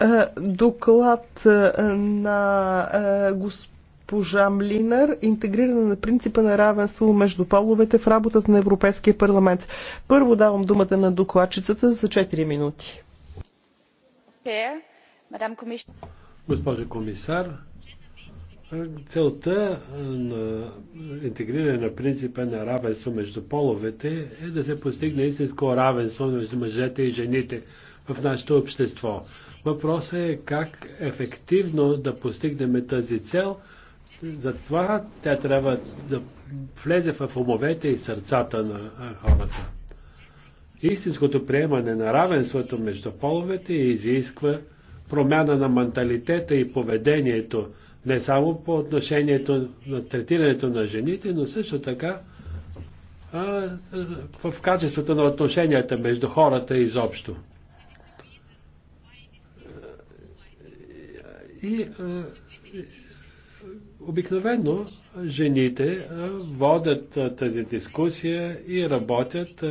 Е, доклад е, на е, госпожа Млинар интегриране на принципа на равенство между половете в работата на Европейския парламент. Първо давам думата на докладчицата за 4 минути. Госпожо комисар, целта на интегриране на принципа на равенство между половете е да се постигне истинско равенство между мъжете и жените в нашето общество. Въпросът е как ефективно да постигнем тази цел. Затова тя трябва да влезе в умовете и сърцата на хората. Истинското приемане на равенството между половете изисква промяна на менталитета и поведението, не само по отношението на третирането на жените, но също така а, в качеството на отношенията между хората изобщо. И е, обикновено жените е, водят е, тази дискусия и работят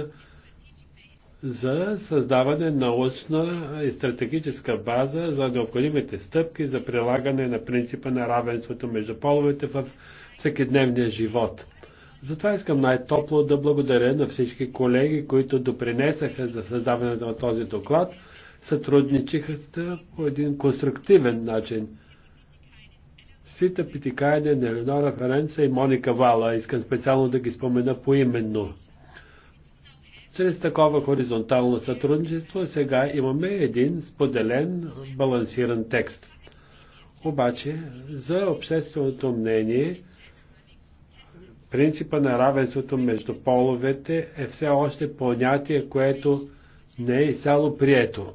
за създаване на научна и стратегическа база за необходимите стъпки за прилагане на принципа на равенството между половете в всекидневния живот. Затова искам най-топло да благодаря на всички колеги, които допринесаха за създаването на този доклад – сътрудничиха по един конструктивен начин. Сита Питикайне, Еленора Ференца и Моника Вала. Искам специално да ги спомена поименно. Чрез такова хоризонтално сътрудничество сега имаме един споделен, балансиран текст. Обаче, за общественото мнение, принципа на равенството между половете е все още понятие, което не е изцяло прието.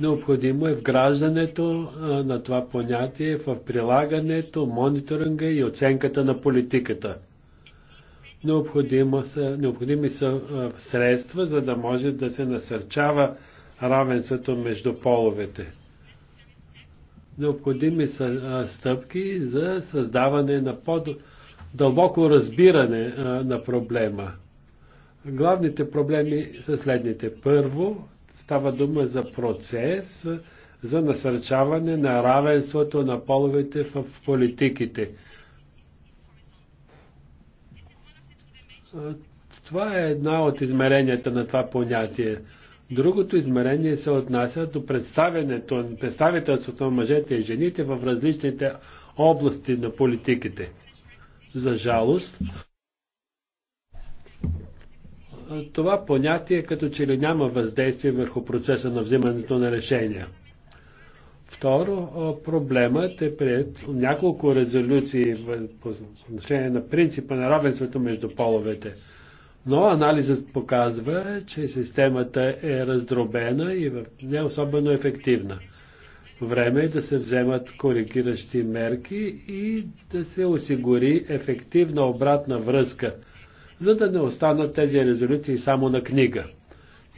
Необходимо е вграждането на това понятие в прилагането, мониторинга и оценката на политиката. Необходимо са, необходими са средства, за да може да се насърчава равенството между половете. Необходими са стъпки за създаване на по-дълбоко разбиране на проблема – главните проблеми са следните. Първо, става дума за процес за насърчаване на равенството на половете в политиките. Това е една от измеренията на това понятие. Другото измерение се отнася до представенето, представителството на мъжете и жените в различните области на политиките. За жалост, това понятие като че ли няма въздействие върху процеса на взимането на решения. Второ, проблемът е пред няколко резолюции по отношение на принципа на равенството между половете. Но анализът показва, че системата е раздробена и не особено ефективна. Време е да се вземат коригиращи мерки и да се осигури ефективна обратна връзка – за да не останат тези резолюции само на книга.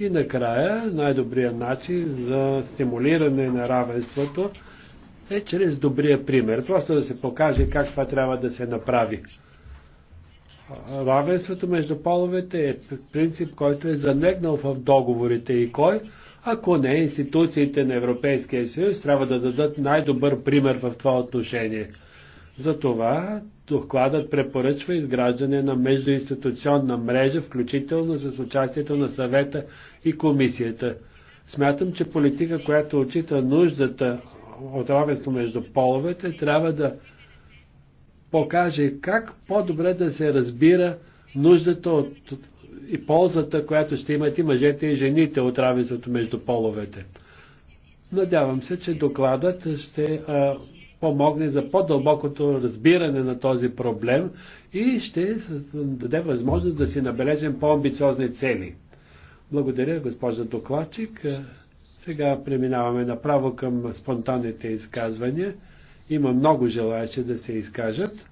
И накрая най-добрият начин за стимулиране на равенството е чрез добрия пример. Просто да се покаже как това трябва да се направи. Равенството между половете е принцип, който е занегнал в договорите и кой, ако не институциите на Европейския съюз, трябва да дадат най-добър пример в това отношение. Затова Докладът препоръчва изграждане на междуинституционна мрежа, включително с участието на съвета и комисията. Смятам, че политика, която отчита нуждата от равенство между половете, трябва да покаже как по-добре да се разбира нуждата от, и ползата, която ще имат и мъжете и жените от равенството между половете. Надявам се, че докладът ще а, помогне за по-дълбокото разбиране на този проблем и ще даде възможност да си набележим по-амбициозни цели. Благодаря, госпожа докладчик. Сега преминаваме направо към спонтанните изказвания. Има много желаящи да се изкажат.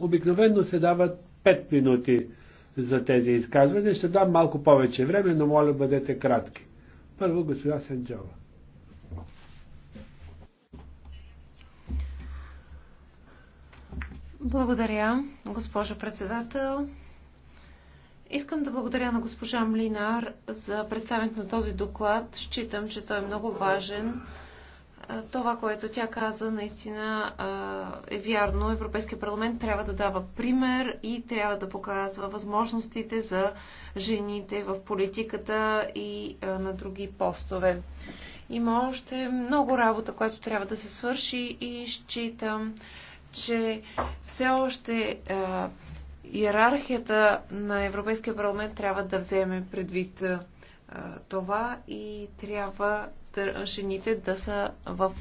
Обикновено се дават 5 минути за тези изказвания. Ще дам малко повече време, но моля бъдете кратки. Първо, госпожа Сенджова. Благодаря, госпожо председател. Искам да благодаря на госпожа Млинар за представенето на този доклад. Считам, че той е много важен. Това, което тя каза, наистина е вярно. Европейския парламент трябва да дава пример и трябва да показва възможностите за жените в политиката и на други постове. Има още много работа, която трябва да се свърши и считам, че все още а, иерархията на Европейския парламент трябва да вземе предвид а, това и трябва жените да са в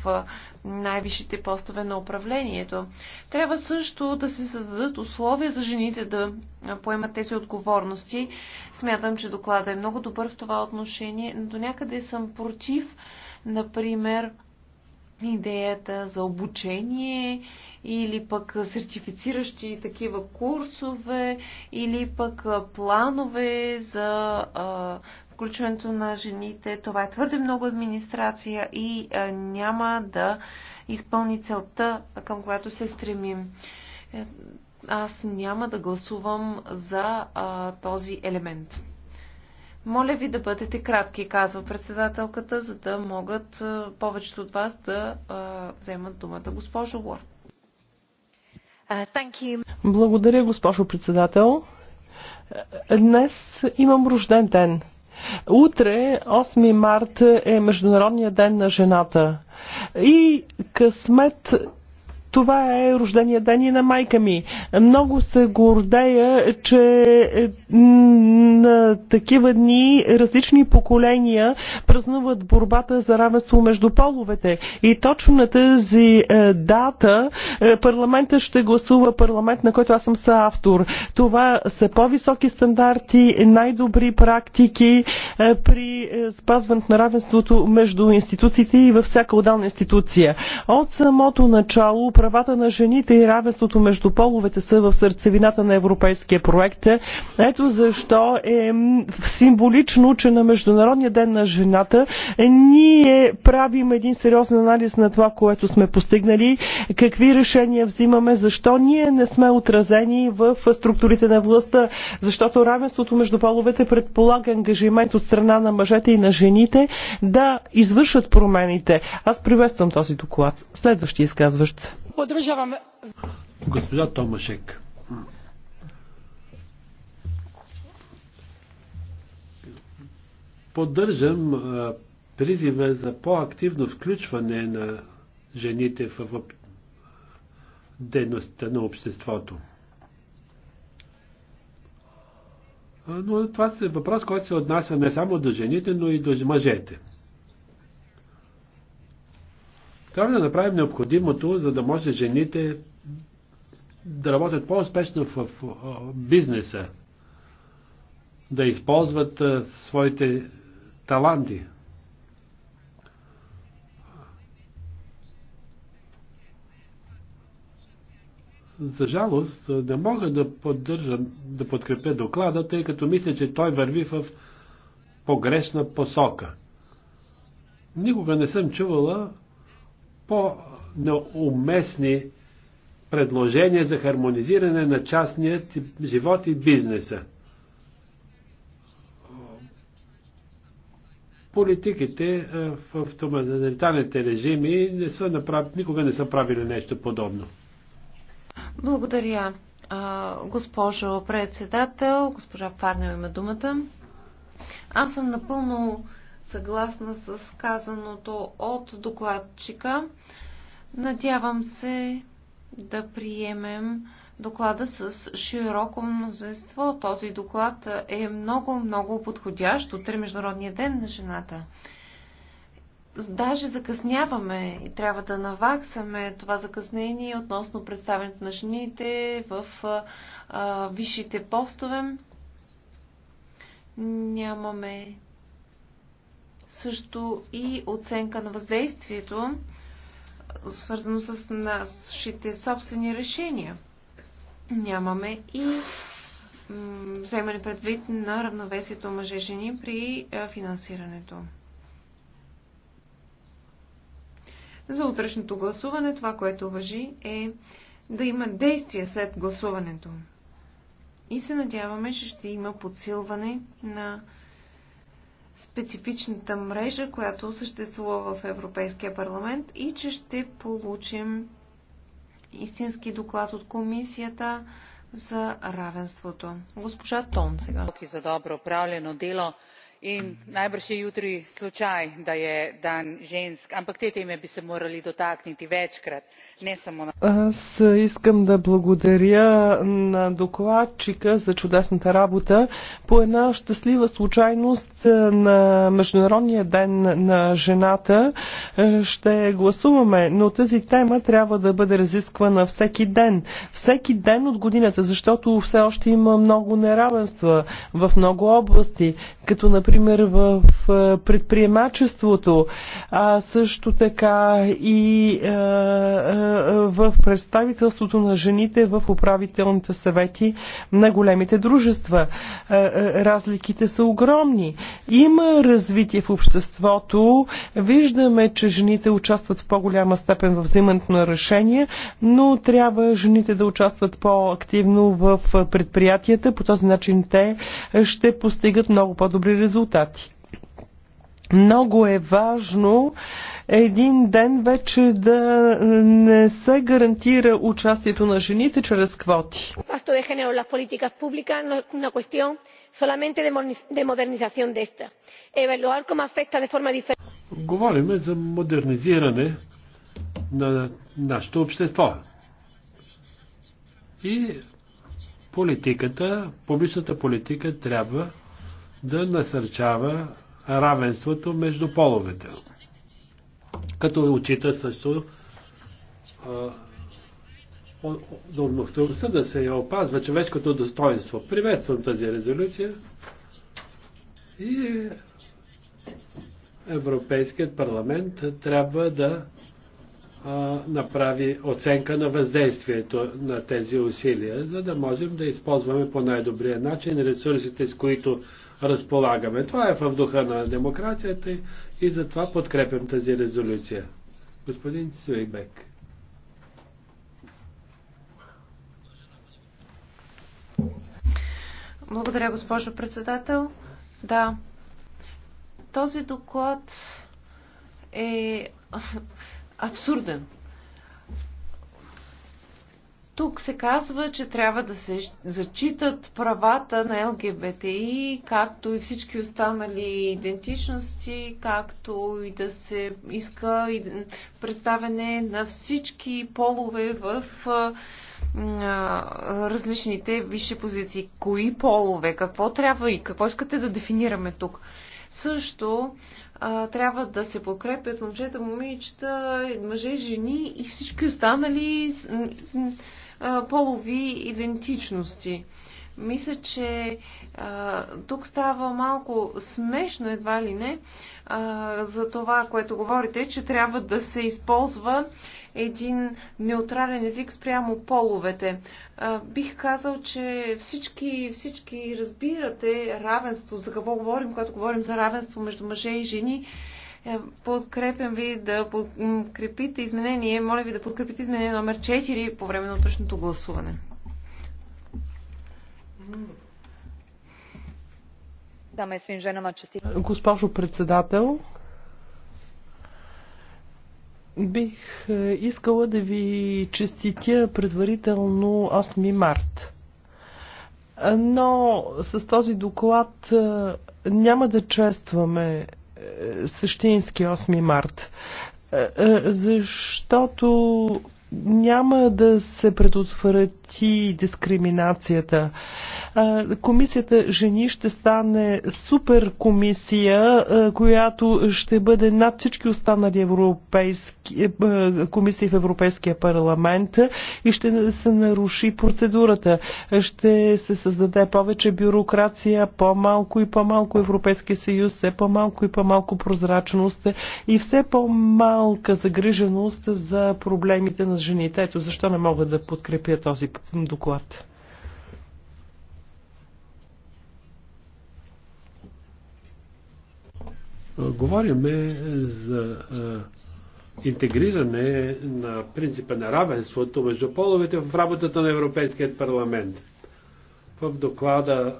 най-висшите постове на управлението. Трябва също да се създадат условия за жените да поемат тези отговорности. Смятам, че доклада е много добър в това отношение, но до някъде съм против, например, идеята за обучение или пък сертифициращи такива курсове или пък планове за а, включването на жените. Това е твърде много администрация и а, няма да изпълни целта, към която се стремим. Е, аз няма да гласувам за а, този елемент. Моля ви да бъдете кратки, казва председателката, за да могат повечето от вас да вземат думата. Госпожо Лор. Благодаря, госпожо председател. Днес имам рожден ден. Утре, 8 март, е Международния ден на жената. И късмет това е рождения ден и на майка ми. Много се гордея, че е, на такива дни различни поколения празнуват борбата за равенство между половете. И точно на тази е, дата е, парламента ще гласува парламент, на който аз съм съавтор. Това са по-високи стандарти, най-добри практики при спазването на равенството между институциите и във всяка отделна институция. От самото начало правата на жените и равенството между половете са в сърцевината на европейския проект. Ето защо е символично, че на Международния ден на жената ние правим един сериозен анализ на това, което сме постигнали, какви решения взимаме, защо ние не сме отразени в структурите на властта, защото равенството между половете предполага ангажимент от страна на мъжете и на жените да извършат промените. Аз приветствам този доклад. Следващи изказващ се. Госпожа Томашек. Поддържам призива за по-активно включване на жените в дейността на обществото. Но това е въпрос, който се отнася не само до жените, но и до мъжете. Трябва да направим необходимото, за да може жените да работят по-успешно в бизнеса, да използват своите таланти. За жалост, не мога да поддържам, да подкрепя доклада, тъй като мисля, че той върви в погрешна посока. Никога не съм чувала по-неуместни предложения за хармонизиране на частният живот и бизнеса. Политиките е, в тоталитарните режими не са направ... никога не са правили нещо подобно. Благодаря, госпожо председател. Госпожа Фарнева има думата. Аз съм напълно съгласна с казаното от докладчика. Надявам се да приемем доклада с широко мнозинство. Този доклад е много, много подходящ. Утре Международния ден на жената. Даже закъсняваме и трябва да наваксаме това закъснение относно представянето на жените в а, висшите постове. Нямаме също и оценка на въздействието, свързано с нашите собствени решения. Нямаме и вземане предвид на равновесието мъже-жени при е, финансирането. За утрешното гласуване това, което въжи е да има действие след гласуването. И се надяваме, че ще има подсилване на специфичната мрежа, която съществува в Европейския парламент и че ще получим истински доклад от комисията за равенството. Госпожа Тон сега in najbrž je jutri slučaj da je dan žensk ampak te teme bi se morali dotakniti večkrat ne samo на Аз искам да благодаря на докладчика за чудесната работа. По една щастлива случайност е, на Международния ден на жената е, ще гласуваме, но тази тема трябва да бъде разисквана всеки ден. Всеки ден от годината, защото все още има много неравенства в много области, като например например, в е, предприемачеството, а също така и е, е, в представителството на жените в управителните съвети на големите дружества. Разликите са огромни. Има развитие в обществото. Виждаме, че жените участват в по-голяма степен в взимането на решения, но трябва жените да участват по-активно в предприятията. По този начин те ще постигат много по-добри резултати резултати. Много е важно един ден вече да не се гарантира участието на жените чрез квоти. Пасто Говорим за модернизиране на нашето общество. И политиката, публичната политика трябва да насърчава равенството между половете. Като учита също нормативността да се я опазва човешкото достоинство. Приветствам тази резолюция и Европейският парламент трябва да а, направи оценка на въздействието на тези усилия, за да можем да използваме по най-добрия начин ресурсите, с които разполагаме. Това е в духа на демокрацията и затова подкрепям тази резолюция. Господин Суейбек. Благодаря, госпожо председател. Да, този доклад е абсурден. Тук се казва, че трябва да се зачитат правата на ЛГБТИ, както и всички останали идентичности, както и да се иска представяне на всички полове в различните висши позиции. Кои полове, какво трябва и какво искате да дефинираме тук? Също трябва да се подкрепят момчета, момичета, мъже, жени и всички останали полови идентичности. Мисля, че а, тук става малко смешно, едва ли не, а, за това, което говорите, че трябва да се използва един неутрален език спрямо половете. А, бих казал, че всички, всички разбирате равенство, за какво говорим, когато говорим за равенство между мъже и жени. Е, подкрепям ви да подкрепите изменение. Моля ви да подкрепите изменение номер 4 по време на утрешното гласуване. Госпожо председател, бих е, искала да ви честитя предварително 8 март. Е, но с този доклад няма да честваме е, същински 8 март. Е, е, защото няма да се предотврати дискриминацията. Комисията жени ще стане супер комисия, която ще бъде над всички останали европейски, е, комисии в Европейския парламент и ще се наруши процедурата. Ще се създаде повече бюрокрация, по-малко и по-малко Европейския съюз, все по-малко и по-малко прозрачност и все по-малка загриженост за проблемите на жените. Ето защо не мога да подкрепя този доклад. Говориме за интегриране на принципа на равенството между половете в работата на Европейският парламент. В доклада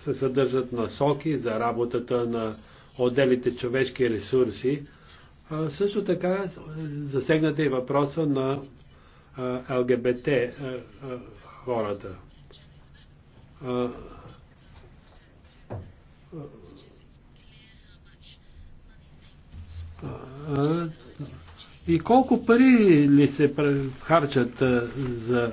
се съдържат насоки за работата на отделите човешки ресурси. Също така засегнате и въпроса на ЛГБТ хората И колко пари ли се харчат за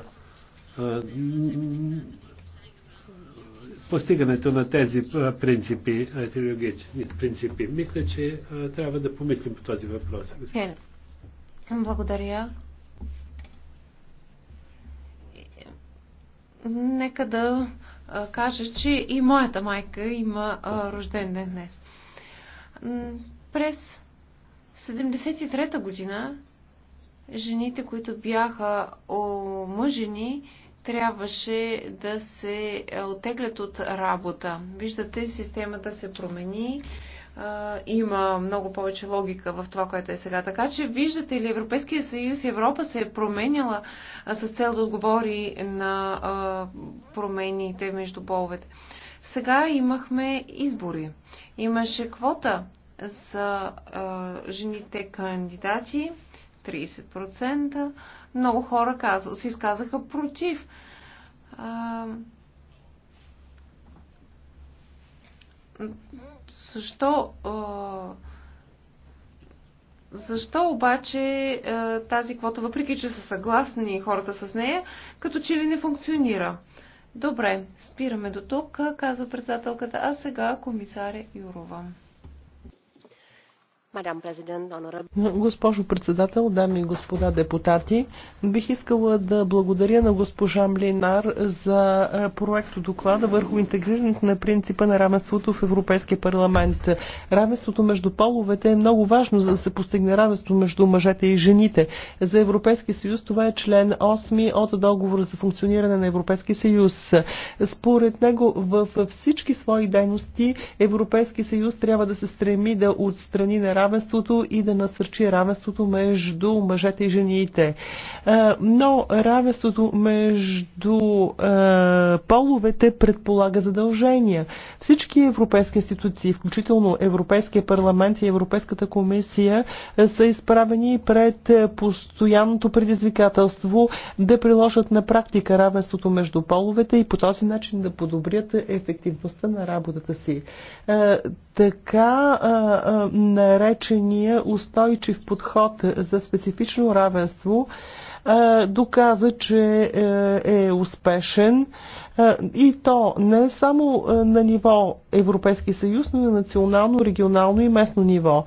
постигането на тези принципи, теологични принципи? Мисля, че трябва да помислим по този въпрос. Благодаря. Нека да кажа, че и моята майка има рожден ден днес. През 73-та година жените, които бяха омъжени, трябваше да се отеглят от работа. Виждате, системата се промени. Има много повече логика в това, което е сега. Така че, виждате ли, Европейския съюз и Европа се е променяла с цел да отговори на промените между половете. Сега имахме избори. Имаше квота за жените кандидати 30%. Много хора казва, се изказаха против. А, защо, а, защо обаче а, тази квота, въпреки че са съгласни хората с нея, като че ли не функционира? Добре, спираме до тук, казва председателката, а сега комисаря Юрова. Госпожо председател, дами и господа депутати, бих искала да благодаря на госпожа Млинар за проекто доклада върху интегрирането на принципа на равенството в Европейския парламент. Равенството между половете е много важно, за да се постигне равенство между мъжете и жените. За Европейския съюз това е член 8 от договора за функциониране на Европейския съюз. Според него в всички свои дейности Европейски съюз трябва да се стреми да отстрани на равенството и да насърчи равенството между мъжете и жените. Е, но равенството между е, половете предполага задължения. Всички европейски институции, включително Европейския парламент и Европейската комисия, е, са изправени пред постоянното предизвикателство да приложат на практика равенството между половете и по този начин да подобрят ефективността на работата си така а, а, наречения устойчив подход за специфично равенство а, доказа, че е, е успешен. А, и то не само на ниво Европейски съюз, но и на национално, регионално и местно ниво.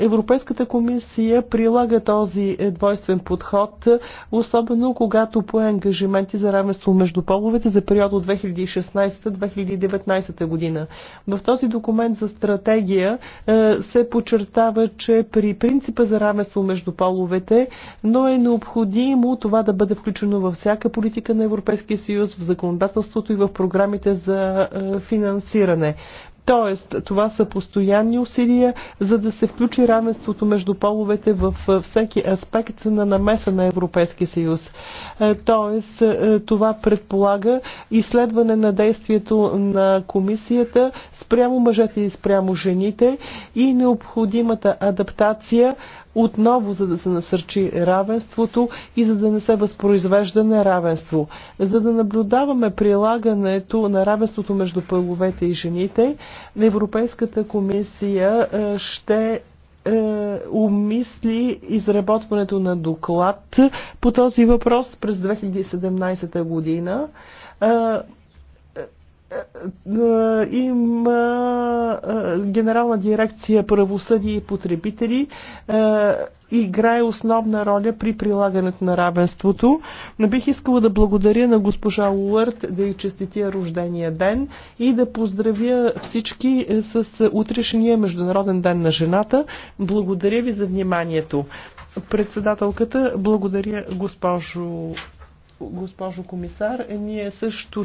Европейската комисия прилага този е, двойствен подход, особено когато по ангажименти за равенство между половете за период от 2016-2019 година. В този документ за стратегия е, се подчертава, че при принципа за равенство между половете, но е необходимо това да бъде включено във всяка политика на Европейския съюз в закон законодателството и в програмите за е, финансиране. Тоест, това са постоянни усилия, за да се включи равенството между половете в е, всеки аспект на намеса на Европейския съюз. Е, тоест, това предполага изследване на действието на комисията спрямо мъжете и спрямо жените и необходимата адаптация отново за да се насърчи равенството и за да не се възпроизвежда неравенство. За да наблюдаваме прилагането на равенството между пъловете и жените, Европейската комисия е, ще е, умисли изработването на доклад по този въпрос през 2017 година. Е, е, е, има е, генерална дирекция правосъдие и потребители играе основна роля при прилагането на равенството. Но бих искала да благодаря на госпожа Уърт да й честития рождения ден и да поздравя всички с утрешния Международен ден на жената. Благодаря ви за вниманието. Председателката, благодаря госпожо, госпожо комисар. Ние също